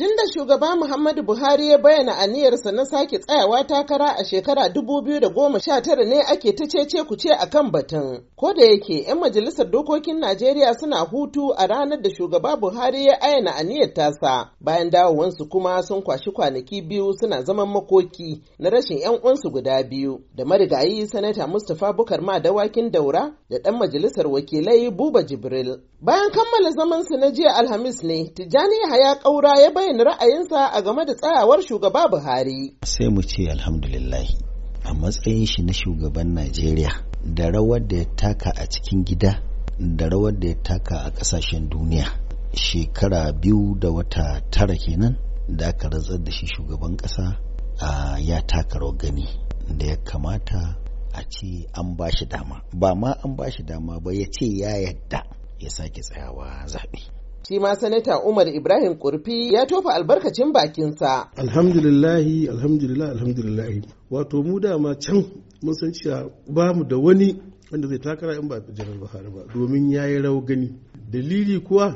Tun da shugaba Muhammadu Buhari ya bayyana aniyarsa na sake tsayawa takara a shekara 2019 ne ake ta cece ku ce akan batun. Ko da yake 'yan majalisar dokokin Najeriya suna hutu a ranar da shugaba Buhari ya ayyana aniyar tasa. Bayan dawowansu kuma sun kwashi kwanaki biyu suna zaman makoki na rashin 'yan uwansu guda biyu. Da marigayi Sanata Mustapha Bukar ma dawakin daura da ɗan majalisar wakilai Buba Jibril. Bayan kammala zamansu na jiya Alhamis ne, Tijjani Haya ƙaura ya bayyana bayyana ra'ayinsa a game da tsayawar shugaba Buhari. Sai mu ce alhamdulillah a matsayin shi na shugaban Najeriya da rawar da ya taka a cikin gida da rawar da ya taka a ƙasashen duniya. Shekara biyu da wata tara kenan da aka rantsar da shi shugaban ƙasa ya taka rawar gani da ya kamata a ce an ba shi dama ba ma an ba shi dama ba ya ce ya yadda ya sake tsayawa zaɓe. shi ma sanata Umar Ibrahim Kurfi ya tofa albarkacin bakinsa. Alhamdulillahi, alhamdulillah, alhamdulillahi. Wato mu dama can mun san cewa ba mu da wani wanda zai takara in ba Janar Buhari ba domin ya yi gani. Dalili kuwa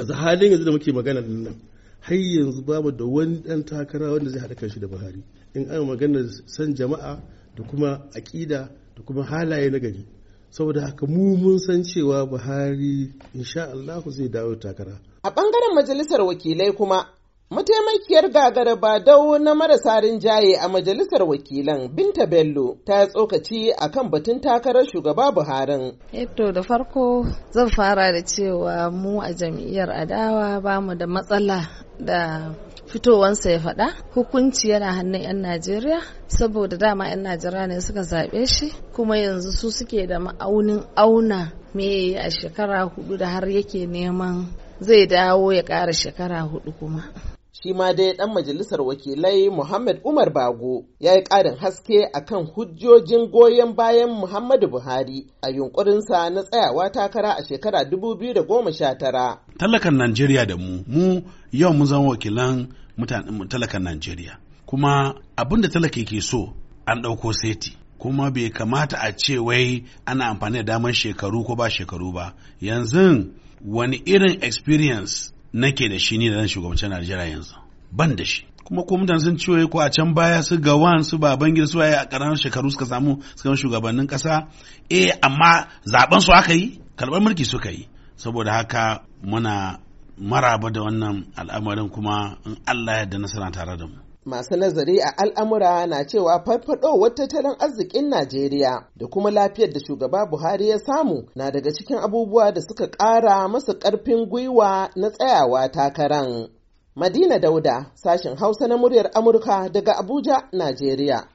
a halin yanzu da muke magana da nan har yanzu ba mu da wani dan takara wanda zai haɗa kanshi da Buhari. In an magana san jama'a da kuma aƙida da kuma halaye na gari. saboda haka mu mun san cewa buhari insha Allah zai dawo takara a bangaren majalisar wakilai kuma Mataimakiyar gagara Badau na marasa rinjaye a majalisar wakilan Binta Bello ta tsokaci a kan batun takarar shugaba Buharin. Eto da farko zan fara da cewa mu a jam'iyyar adawa ba mu da matsala da fitowansa ya faɗa hukunci yana hannun 'yan najeriya saboda dama 'yan najeriya ne suka zaɓe shi kuma yanzu su suke da ma'aunin auna me a shekara hudu da har yake neman zai dawo ya ƙara shekara hudu kuma shi ma dai ɗan majalisar wakilai Muhammad Umar Bago ya yi ƙarin haske a kan hujjojin goyon bayan Muhammadu Buhari a sa na tsayawa takara a shekara 2019. Talakan Najeriya da mu, mu yau mu zama wakilan mutanen talakan Najeriya. Kuma abin da talaka ke so an ɗauko seti. kuma bai kamata a ce wai ana amfani da damar shekaru ko ba shekaru ba yanzu wani irin experience nake da shi ni da zan shugabanci Najeriya yanzu ban da shi kuma ko mutane sun ciwo ko a can baya su ga wan su baban gida su waye a ƙananan shekaru suka samu suka shugabannin ƙasa eh amma zaben su aka yi karbar mulki suka yi saboda haka muna maraba da wannan al'amarin kuma in Allah ya yarda nasara tare da mu Masu nazari a al'amura na cewa farfadowar tattalin arzikin Najeriya da kuma lafiyar da shugaba Buhari ya samu na daga cikin abubuwa da suka ƙara masa ƙarfin gwiwa na tsayawa takaran. Madina Dauda, sashen Hausa na muryar Amurka daga Abuja, Najeriya.